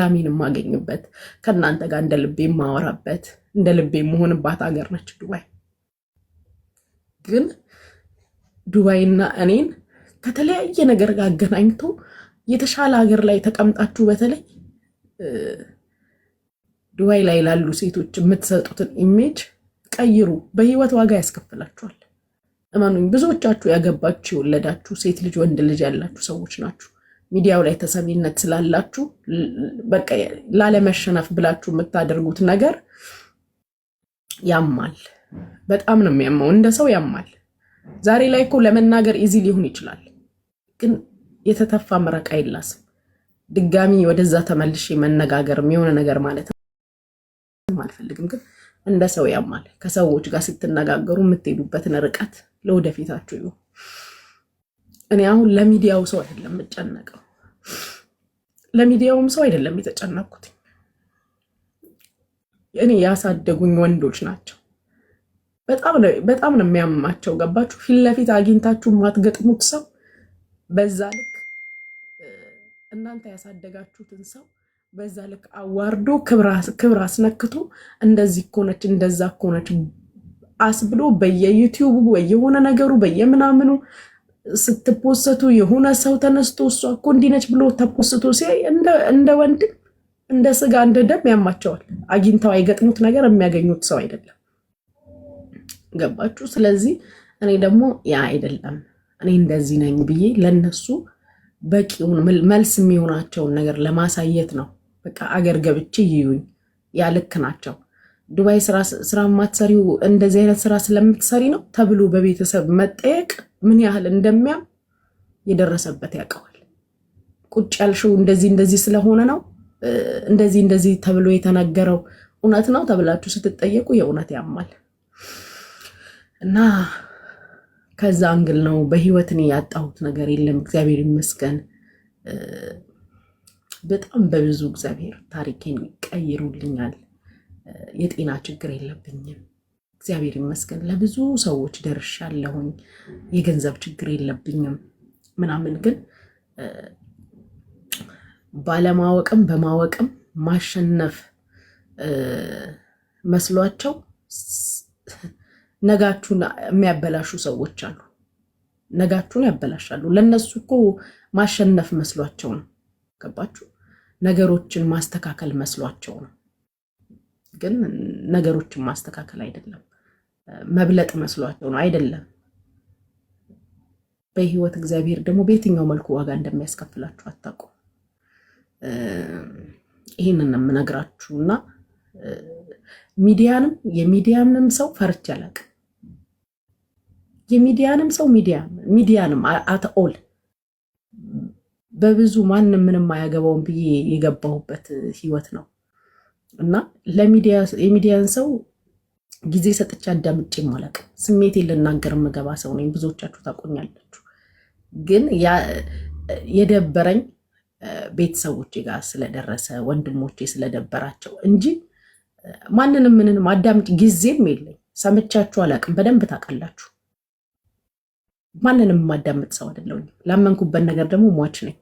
ላሚን የማገኝበት ከእናንተ ጋር እንደ ልቤ የማወራበት እንደ ልቤ የመሆንባት ሀገር ነች ዱባይ። ግን ዱባይና እኔን ከተለያየ ነገር ጋር አገናኝቶ የተሻለ ሀገር ላይ ተቀምጣችሁ በተለይ ዱባይ ላይ ላሉ ሴቶች የምትሰጡትን ኢሜጅ ቀይሩ። በህይወት ዋጋ ያስከፍላችኋል። እመኑኝ፣ ብዙዎቻችሁ ያገባችሁ የወለዳችሁ ሴት ልጅ ወንድ ልጅ ያላችሁ ሰዎች ናችሁ። ሚዲያው ላይ ተሰሚነት ስላላችሁ በቃ ላለመሸነፍ ብላችሁ የምታደርጉት ነገር ያማል። በጣም ነው የሚያማው። እንደ ሰው ያማል። ዛሬ ላይ እኮ ለመናገር ኢዚ ሊሆን ይችላል፣ ግን የተተፋ መረቅ አይላስም። ድጋሚ ወደዛ ተመልሼ መነጋገርም የሆነ ነገር ማለት አልፈልግም፣ ግን እንደ ሰው ያማል። ከሰዎች ጋር ስትነጋገሩ የምትሄዱበትን ርቀት ለወደፊታችሁ ይሁን። እኔ አሁን ለሚዲያው ሰው አይደለም የምጨነቀው። ለሚዲያውም ሰው አይደለም የተጨነኩት። እኔ ያሳደጉኝ ወንዶች ናቸው። በጣም ነው የሚያምማቸው። ገባችሁ? ፊት ለፊት አግኝታችሁ የማትገጥሙት ሰው በዛ ልክ እናንተ ያሳደጋችሁትን ሰው በዛ ልክ አዋርዶ ክብር አስነክቶ እንደዚህ ኮነች እንደዛ ኮነች አስብሎ በየዩቲዩቡ በየሆነ ነገሩ በየምናምኑ ስትፖሰቱ የሆነ ሰው ተነስቶ እሷ እኮ እንዲነች ብሎ ተፖስቶ ሲያይ እንደ ወንድም እንደ ስጋ እንደ ደም ያማቸዋል። አግኝተው አይገጥሙት ነገር የሚያገኙት ሰው አይደለም። ገባችሁ? ስለዚህ እኔ ደግሞ ያ አይደለም እኔ እንደዚህ ነኝ ብዬ ለነሱ በቂውን መልስ የሚሆናቸውን ነገር ለማሳየት ነው። በቃ አገር ገብቼ ይዩኝ፣ ያልክ ናቸው። ዱባይ ስራ ማትሰሪው እንደዚህ አይነት ስራ ስለምትሰሪ ነው ተብሎ በቤተሰብ መጠየቅ ምን ያህል እንደሚያም የደረሰበት ያውቀዋል። ቁጭ ያልሽው እንደዚህ እንደዚህ ስለሆነ ነው እንደዚህ እንደዚህ ተብሎ የተነገረው እውነት ነው ተብላችሁ ስትጠየቁ የእውነት ያማል። እና ከዛ አንግል ነው በህይወት እኔ ያጣሁት ነገር የለም እግዚአብሔር ይመስገን። በጣም በብዙ እግዚአብሔር ታሪኬን ቀይሩልኛል። የጤና ችግር የለብኝም። እግዚአብሔር ይመስገን ለብዙ ሰዎች ደርሻለሁኝ፣ የገንዘብ ችግር የለብኝም ምናምን። ግን ባለማወቅም በማወቅም ማሸነፍ መስሏቸው ነጋችሁን የሚያበላሹ ሰዎች አሉ። ነጋችሁን ያበላሻሉ። ለእነሱ እኮ ማሸነፍ መስሏቸው ነው። ገባችሁ? ነገሮችን ማስተካከል መስሏቸው ነው። ግን ነገሮችን ማስተካከል አይደለም። መብለጥ መስሏቸው ነው። አይደለም። በህይወት እግዚአብሔር ደግሞ በየትኛው መልኩ ዋጋ እንደሚያስከፍላችሁ አታውቁም። ይህንን የምነግራችሁ እና ሚዲያንም የሚዲያንም ሰው ፈርቼ አላውቅም። የሚዲያንም ሰው ሚዲያንም አት ኦል በብዙ ማንም ምንም አያገባውም ብዬ የገባሁበት ህይወት ነው እና የሚዲያን ሰው ጊዜ ሰጥቼ አዳምጬ ማለቅ ስሜቴን ልናገር የምገባ ሰው ነኝ። ብዙዎቻችሁ ታቆኛላችሁ። ግን የደበረኝ ቤተሰቦቼ ጋር ስለደረሰ ወንድሞቼ ስለደበራቸው እንጂ ማንንም ምንንም አዳምጭ ጊዜም የለኝ። ሰምቻችሁ አላቅም። በደንብ ታውቃላችሁ። ማንንም የማዳምጥ ሰው አይደለሁም። ላመንኩበት ነገር ደግሞ ሟች ነኝ።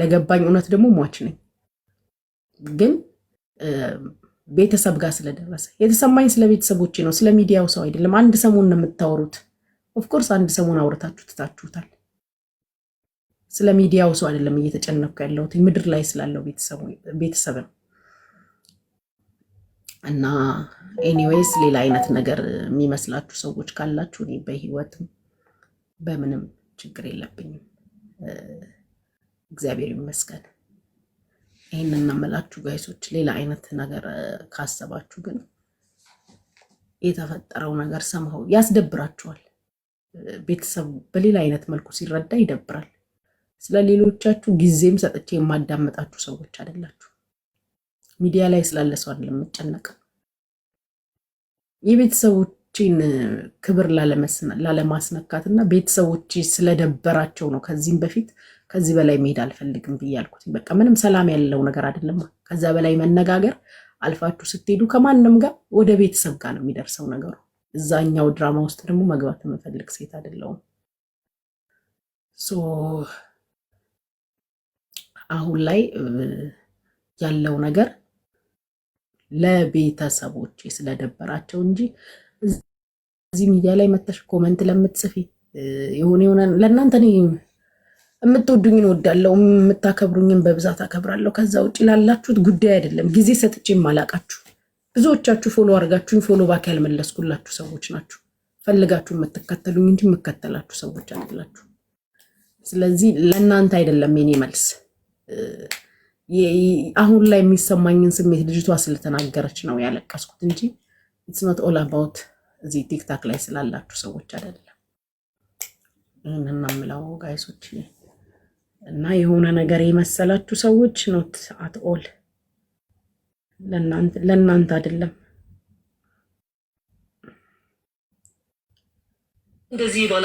ለገባኝ እውነት ደግሞ ሟች ነኝ ግን ቤተሰብ ጋር ስለደረሰ የተሰማኝ ስለ ቤተሰቦች ነው፣ ስለ ሚዲያው ሰው አይደለም። አንድ ሰሞን ነው የምታወሩት። ኦፍኮርስ አንድ ሰሞን አውርታችሁ ትታችሁታል። ስለ ሚዲያው ሰው አይደለም እየተጨነኩ ያለሁት ምድር ላይ ስላለው ቤተሰብ ነው። እና ኤኒዌይስ ሌላ አይነት ነገር የሚመስላችሁ ሰዎች ካላችሁ እኔ በህይወትም በምንም ችግር የለብኝም። እግዚአብሔር ይመስገን። ይህን እናመላችሁ ጋይሶች። ሌላ አይነት ነገር ካሰባችሁ ግን የተፈጠረው ነገር ሰምው ያስደብራችኋል። ቤተሰቡ በሌላ አይነት መልኩ ሲረዳ ይደብራል። ስለ ሌሎቻችሁ ጊዜም ሰጥቼ የማዳመጣችሁ ሰዎች አይደላችሁ። ሚዲያ ላይ ስላለ ሰው አይደለም የምጨነቅ የቤተሰቦች እቺን ክብር ላለማስነካት እና ቤተሰቦች ስለደበራቸው ነው። ከዚህም በፊት ከዚህ በላይ መሄድ አልፈልግም ብዬ ያልኩት በቃ ምንም ሰላም ያለው ነገር አይደለም። ከዛ በላይ መነጋገር አልፋችሁ ስትሄዱ ከማንም ጋር ወደ ቤተሰብ ጋር ነው የሚደርሰው ነገሩ። እዛኛው ድራማ ውስጥ ደግሞ መግባት የምፈልግ ሴት አይደለሁም። አሁን ላይ ያለው ነገር ለቤተሰቦች ስለደበራቸው እንጂ እዚህ ሚዲያ ላይ መተሽ ኮመንት ለምትጽፊ የሆነ የሆነ ለእናንተ የምትወዱኝን ወዳለው የምታከብሩኝን በብዛት አከብራለሁ። ከዛ ውጭ ላላችሁት ጉዳይ አይደለም ጊዜ ሰጥቼ ማላቃችሁ ብዙዎቻችሁ ፎሎ አድርጋችሁኝ ፎሎ ባክ ያልመለስኩላችሁ ሰዎች ናችሁ። ፈልጋችሁ የምትከተሉኝ እንጂ የምከተላችሁ ሰዎች አይደላችሁ። ስለዚህ ለእናንተ አይደለም የኔ መልስ። አሁን ላይ የሚሰማኝን ስሜት ልጅቷ ስለተናገረች ነው ያለቀስኩት እንጂ ኢትስ ኖት ኦል አባውት እዚህ ቲክታክ ላይ ስላላችሁ ሰዎች አይደለም። ይህንን የምለው ጋይሶች እና የሆነ ነገር የመሰላችሁ ሰዎች ኖት አት ኦል ለእናንተ አይደለም። እንደዚህ ባለ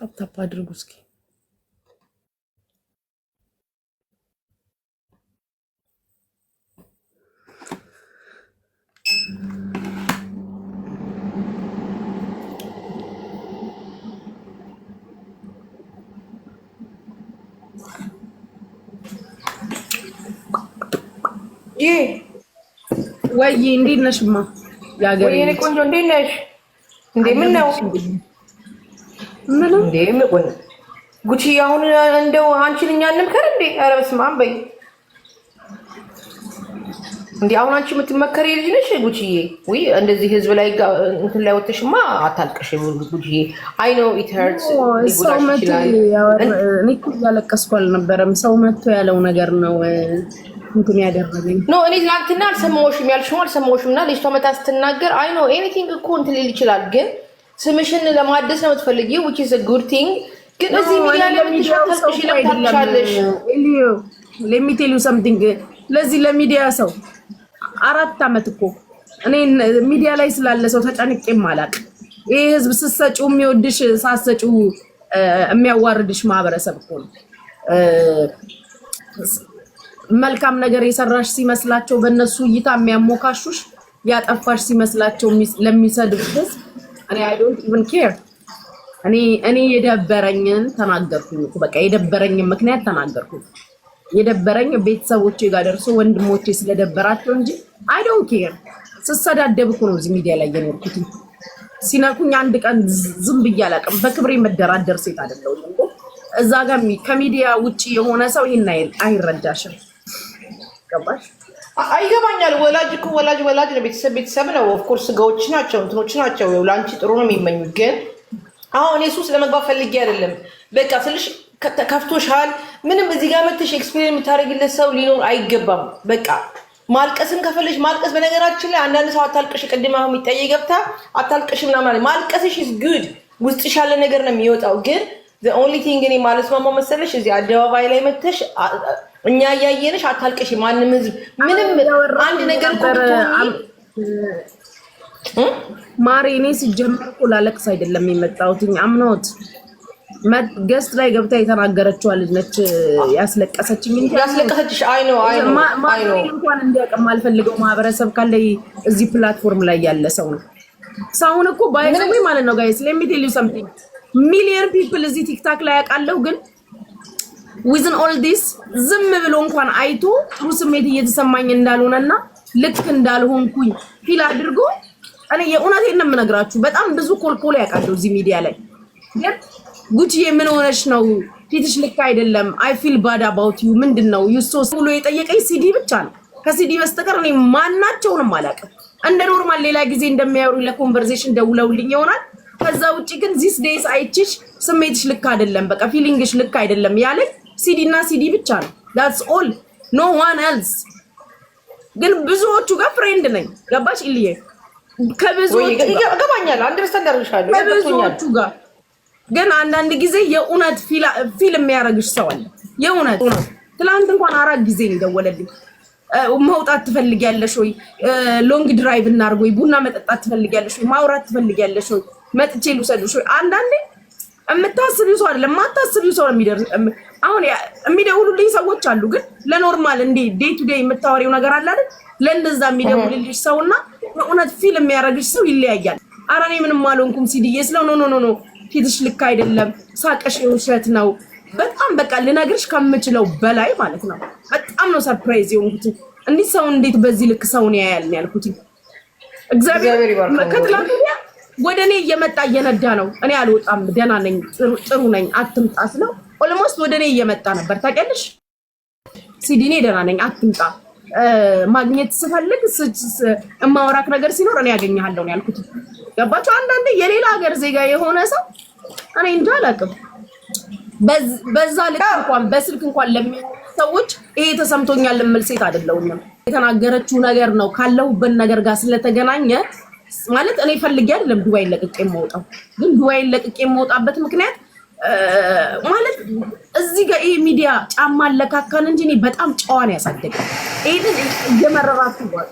ታፕታፕ አድርጉ እስኪ። ይህ ወይዬ እንዴት ነሽማ? የአገሬ ቆንጆ እንዴት ነሽ? እንደምን ነው? ምንም ጉቺ፣ አሁን እንደው አንቺን እኛ እንምከር እንዴ? ኧረ በስመ አብ በይ እንዴ! አሁን አንቺ የምትመከር ልጅ ነሽ ጉቺዬ። ውይ እንደዚህ ህዝብ ላይ እንትን ላይ ወጥተሽማ አታልቅሽ ጉቺዬ። አይ ኢት ሄርትስ። ሰው መቶ እኔ እያለቀስኩ አልነበረም። ሰው መቶ ያለው ነገር ነው እንትን ያደረገኝ ኖ እኔ ትናንትና አልሰማሁሽም ያልሽው አልሰማሁሽም እና ልጅቷ መታ ስትናገር አይ ኤኒቲንግ እኮ እንትን ሊል ይችላል ግን ስምሽን ለማደስ ነው የምትፈልጊው which is a good ግን እዚህ ሚዲያ ላይ ምትሻታሽ ለምታሻለሽ let me ለዚህ ለሚዲያ ሰው አራት አመት እኮ እኔ ሚዲያ ላይ ስላለ ሰው ተጨንቄም አላቅም። ይሄ ህዝብ ስትሰጪው የሚወድሽ ሳትሰጪው የሚያዋርድሽ ማህበረሰብ እኮ ነው። መልካም ነገር የሰራሽ ሲመስላቸው በእነሱ እይታ የሚያሞካሹሽ፣ ያጠፋሽ ሲመስላቸው ለሚሰድብ ህዝብ እኔ አይ ዶንት ኢቭን ኬር እኔ እኔ የደበረኝን ተናገርኩኝ እኮ በቃ የደበረኝን ምክንያት ተናገርኩኝ። የደበረኝ ቤተሰቦቼ ጋር ደርሶ ወንድሞቼ ስለደበራቸው እንጂ አይ ዶንት ኬር። ስሰዳደብ እኮ ነው እዚህ ሚዲያ ላይ የኖርኩት። ሲነኩኝ አንድ ቀን ዝም ብዬ አላውቅም። በክብሬ መደራደር ሴት አይደለሁም እኮ እዛ ጋር ከሚዲያ ውጪ የሆነ ሰው ይሄን አይረዳሽም። ገባሽ? አይገባኛል። ወላጅ እኮ ወላጅ ወላጅ ነው፣ ቤተሰብ ቤተሰብ ነው። ኦፍኮርስ ስጋዎች ናቸው፣ እንትኖች ናቸው። ለአንቺ ጥሩ ነው የሚመኙት። ግን አሁን እኔ ሱስ ለመግባት ፈልጌ አይደለም። በቃ ስልሽ ከፍቶሻል። ምንም እዚህ ጋር መተሽ ኤክስፔሪን የምታደርግለት ሰው ሊኖር አይገባም። በቃ ማልቀስን ከፈለሽ ማልቀስ። በነገራችን ላይ አንዳንድ ሰው አታልቅሽ፣ ቅድም አሁን የሚጠየ ገብታ አታልቅሽ ምናምን ማልቀስሽ ኢዝ ጉድ፣ ውስጥሽ ያለ ነገር ነው የሚወጣው። ግን ኦንሊ ቲንግ እኔ ማለት ማማ መሰለሽ እዚህ አደባባይ ላይ መተሽ እኛ እያየንሽ አታልቅሽ። ማንም ህዝብ ምንም አንድ ነገር ማሪ፣ እኔ ሲጀምር እኮ ላለቅስ አይደለም የመጣሁት አምኖት ገስት ላይ ገብታ የተናገረችው ልጅ ነች ያስለቀሰችኝ እንጂ ያስለቀሰችሽ አይ ነው አይ ነው አይ ነው እንኳን እንዲያውቅም አልፈልገው ማህበረሰብ ካለ እዚህ ፕላትፎርም ላይ ያለ ሰው ነው። ሰውን እኮ ባይ ማለት ነው ጋይስ ሌሚቴል ዩ ሰምቲንግ ሚሊየን ፒፕል እዚህ ቲክታክ ላይ ያውቃለሁ ግን ዊዝን ኦል ዲስ ዝም ብሎ እንኳን አይቶ ጥሩ ስሜት እየተሰማኝ እንዳልሆነና ልክ እንዳልሆንኩኝ ፊል አድርጎ እኔ የእውነቴን ነው የምነግራችሁ። በጣም ብዙ ኮልኮል ያውቃለሁ እዚህ ሚዲያ ላይ ግን ጉቺዬ ምን ሆነሽ ነው ፊትሽ ልክ አይደለም፣ አይ ፊል ባድ አባውት ዩ ምንድን ነው ዩሶ ብሎ የጠየቀኝ ሲዲ ብቻ ነው። ከሲዲ በስተቀር እኔ ማናቸውንም አላውቅም። እንደ ኖርማል ሌላ ጊዜ እንደሚያወሩ ለኮንቨርሴሽን ደውለውልኝ ይሆናል። ከዛ ውጭ ግን ዚስ ዴይስ አይችሽ ስሜትሽ ልክ አይደለም፣ በቃ ፊሊንግሽ ልክ አይደለም ያለኝ ሲዲ እና ሲዲ ብቻ ነው። ዳትስ ኦል ኖ ዋን ኤልስ። ግን ብዙዎቹ ጋር ፍሬንድ ነኝ። ገባሽ ኢልዬ? ከብዙዎቹ ጋር ግን አንዳንድ ጊዜ የእውነት ፊልም የሚያደርግሽ ሰው አለ። የእውነት ትላንት እንኳን አራት ጊዜ ይደወለልኝ መውጣት ትፈልጊያለሽ ወይ? ሎንግ ድራይቭ እናድርግ ወይ? ቡና መጠጣት ትፈልጊያለሽ ወይ? ማውራት ትፈልጊያለሽ ወይ? መጥቼ ልውሰድሽ ወይ? አንዳንዴ የምታስቢው ሰው አይደለም፣ የማታስቢው ሰው ነው የሚደርስ። አሁን የሚደውሉልኝ ሰዎች አሉ፣ ግን ለኖርማል እንደ ዴይ ቱ ዴይ የምታወሪው ነገር አለ አይደል? ለእንደዛ የሚደውልልሽ ሰው እና በእውነት ፊል የሚያደርግሽ ሰው ይለያያል። ኧረ እኔ ምንም አልሆንኩም ሲድዬ ስለው ኖ ኖ ኖ ኖ ፊትሽ ልክ አይደለም፣ ሳቀሽ የውሸት ነው። በጣም በቃ ልነግርሽ ከምችለው በላይ ማለት ነው። በጣም ነው ሰርፕራይዝ የሆንኩት። እንዲህ ሰው እንዴት በዚህ ልክ ሰውን ያያል ያልኩት እግዚአብሔር ከትላንት ወደ እኔ እየመጣ እየነዳ ነው። እኔ አልወጣም፣ ደህና ነኝ፣ ጥሩ ነኝ፣ አትምጣ ስለው ኦልሞስት ወደ እኔ እየመጣ ነበር። ታውቂያለሽ ሲዲኔ ደህና ነኝ፣ አትምጣ ማግኘት ስፈልግ እማወራክ ነገር ሲኖር እኔ ያገኘሃለሁ ነው ያልኩት። ገባችሁ? አንዳንዴ የሌላ ሀገር ዜጋ የሆነ ሰው እኔ እንጃ አላውቅም። በዛ ልክ እንኳን በስልክ እንኳን ለሚሆኑ ሰዎች ይሄ ተሰምቶኛል የምል ሴት አይደለሁም። የተናገረችው ነገር ነው ካለሁበት ነገር ጋር ስለተገናኘ ማለት እኔ ፈልጌ አይደለም ዱባይን ለቅቄ የማውጣው፣ ግን ዱባይን ለቅቄ የማውጣበት ምክንያት ማለት እዚህ ጋር ይሄ ሚዲያ ጫማ አለካካን እንጂ እኔ በጣም ጨዋን ያሳደገ ይሄንን እየመረራችሁ ባጡ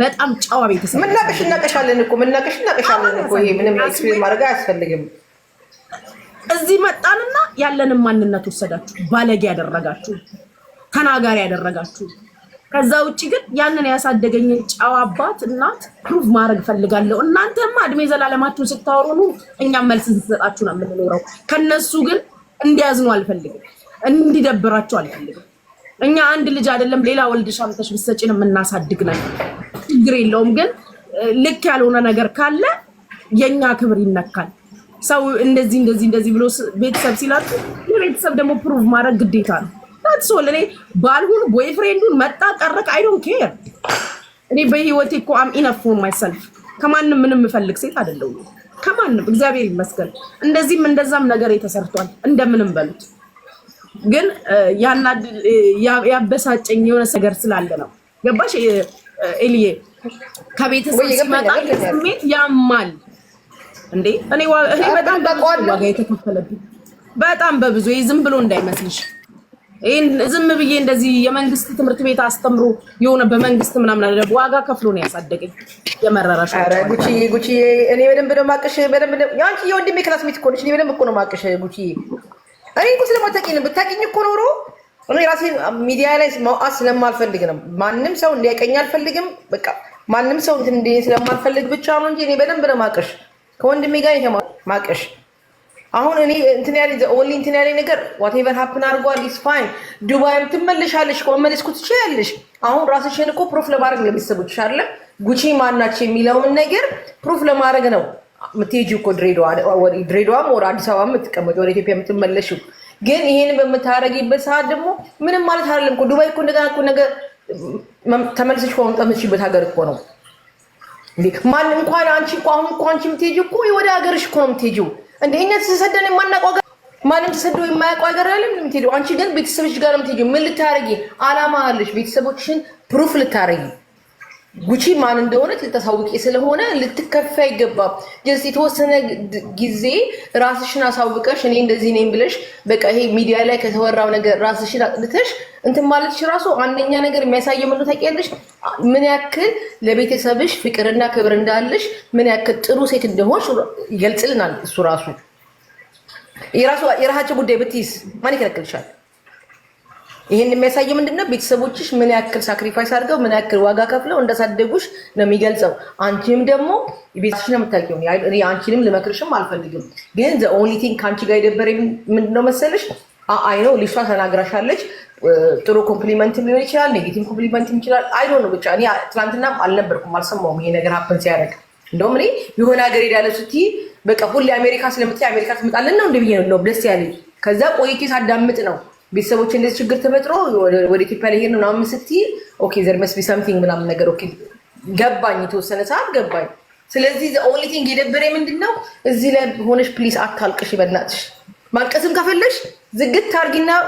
በጣም ጨዋ ቤተሰብ ምናቀሽ እናቀሻለን እኮ ምናቀሽ እናቀሻለን እኮ ይሄ ምንም ኤክስፒሪየንስ ማድረግ አያስፈልግም። እዚህ መጣንና ያለንን ማንነት ወሰዳችሁ፣ ባለጌ ያደረጋችሁ፣ ተናጋሪ ያደረጋችሁ ከዛ ውጭ ግን ያንን ያሳደገኝን ጨዋ አባት እናት ፕሩቭ ማድረግ ፈልጋለሁ። እናንተማ እድሜ ዘላለማችሁን ስታወሩ እኛም መልስ ስትሰጣችሁ ነው የምንኖረው። ከነሱ ግን እንዲያዝኑ አልፈልግም፣ እንዲደብራቸው አልፈልግም። እኛ አንድ ልጅ አይደለም ሌላ ወልደሽ አምጥተሽ ብትሰጪን የምናሳድግ ነን። ችግር የለውም። ግን ልክ ያልሆነ ነገር ካለ የእኛ ክብር ይነካል። ሰው እንደዚህ እንደዚህ እንደዚህ ብሎ ቤተሰብ ሲላችሁ ቤተሰብ ደግሞ ፕሩቭ ማድረግ ግዴታ ነው። ኖት ሶል እኔ ባልሁን ቦይፍሬንዱን መጣ ቀረቅ አይ ዶንት ኬር። እኔ በህይወቴ እኮ አም ኢነፍ ፎር ማይሰልፍ ከማንም ምንም የምፈልግ ሴት አይደለሁ ከማንም እግዚአብሔር ይመስገን እንደዚህም እንደዛም ነገር ተሰርቷል። እንደምንም በሉት ግን ያበሳጨኝ የሆነ ነገር ስላለ ነው። ገባሽ ኤልዬ? ከቤተሰብ ሲመጣ ስሜት ያማል እንዴ! እኔ በጣም በጣም ዋጋ የተከፈለብኝ በጣም በብዙ ዝም ብሎ እንዳይመስልሽ ይህን ዝም ብዬ እንደዚህ የመንግስት ትምህርት ቤት አስተምሮ የሆነ በመንግስት ምናምን አለ ዋጋ ከፍሎ ነው ያሳደገኝ። የመረራሽ ጉቺዬ ጉቺዬ፣ እኔ በደንብ ነው በደንብ የወንድሜ ክላስ ሜት እኮ እኔ በደንብ እኮ ነው ጉቺዬ። እኔ እኮ ስለማታውቂኝ ነው። ብታውቂኝ እኮ ኖሮ እኔ ራሴ ሚዲያ ላይ ስለማልፈልግ ነው። ማንም ሰው አልፈልግም። በቃ ማንም ሰው ስለማልፈልግ ብቻ ነው እንጂ እኔ በደንብ ነው ከወንድሜ ጋር አሁን እኔ እንትን ያለ ኦንሊ እንትን ያለ ነገር ዋቴቨር ሀፕን አድርጓል ኢስ ፋይን። ዱባይም ትመለሻለሽ እኮ መመለስኩ ትችያለሽ። አሁን ራስሽን እኮ ፕሩፍ ለማድረግ ለቤተሰቦችሽ አይደለ ጉቺ ማናች የሚለውን ነገር ፕሩፍ ለማድረግ ነው የምትሄጂው እኮ ድሬዳዋም ወደ አዲስ አበባ የምትቀመጪው ወደ ኢትዮጵያ የምትመለሺው። ግን ይሄን በምታረጊበት ሰዓት ደግሞ ምንም ማለት አይደለም እኮ ዱባይ እኮ እንደገና እኮ ነገር ተመልሰሽ እኮ መምጣት የምትችይበት ሀገር እኮ ነው። ማን እንኳን አንቺ እኮ አሁን እኮ አንቺ የምትሄጂው እኮ ወደ ሀገርሽ እኮ ነው የምትሄጂው እንደ እኛ ተሰደን የማናውቀው ሀገር ማንም ተሰዶ የማያውቀው ሀገር አይደለም የምትሄደው። አንቺ ግን ቤተሰቦች ጋር የምትሄጂው ምን ልታረጊ? አላማ አለሽ። ቤተሰቦችሽን ፕሩፍ ልታረጊ ጉቺ ማን እንደሆነች ልታሳውቂ ስለሆነ ልትከፊ አይገባም። ጀስት የተወሰነ ጊዜ ራስሽን አሳውቀሽ እኔ እንደዚህ ነኝ ብለሽ በቃ ይሄ ሚዲያ ላይ ከተወራው ነገር ራስሽን አጥልተሽ እንትን ማለትሽ ራሱ አንደኛ ነገር የሚያሳየው ምንድን ታውቂያለሽ? ምን ያክል ለቤተሰብሽ ፍቅርና ክብር እንዳለሽ፣ ምን ያክል ጥሩ ሴት እንደሆንሽ ይገልጽልናል። እሱ ራሱ የራሳቸው ጉዳይ ብትይዝ ማን ይከለክልሻል? ይሄን የሚያሳየው ምንድነው? ቤተሰቦችሽ ምን ያክል ሳክሪፋይስ አድርገው ምን ያክል ዋጋ ከፍለው እንዳሳደጉሽ ነው የሚገልጸው። አንቺንም ደግሞ ቤተሰቦችሽ ነው የምታውቂው። እኔ አንቺንም ልመክርሽም አልፈልግም፣ ግን ዘ ኦንሊ ቲንግ ከአንቺ ጋር የደበረኝ ምንድነው መሰለሽ? አይ ነው ልጅቷ ተናግራሻለች። ጥሩ ኮምፕሊመንት ሊሆን ይችላል፣ ኔጌቲቭ ኮምፕሊመንት ይችላል። አይ ነው ብቻ እኔ ትናንትናም አልነበርኩም፣ አልሰማውም ይሄ ነገር ሀፕን ሲያደርግ እንደውም እኔ የሆነ ሀገር ሄዳለ ስቲ በቃ ሁሌ አሜሪካ ስለምትይ አሜሪካ ትመጣለን ነው እንደብዬ ነው ደስ ያለኝ። ከዛ ቆይቼ ሳዳምጥ ነው ቤተሰቦች እንደዚህ ችግር ተፈጥሮ ወደ ኢትዮጵያ ላይ ሄድን ምናምን ስትይ ኦኬ ዘር መስቢ ሳምቲንግ ምናምን ነገር ኦኬ ገባኝ፣ የተወሰነ ሰዓት ገባኝ። ስለዚህ ኦንሊ ቲንግ የደበረ ምንድን ነው እዚህ ላይ ሆነሽ ፕሊስ አታልቅሽ፣ ይበናትሽ ማልቀስም ከፈለሽ ዝግት ታርጊና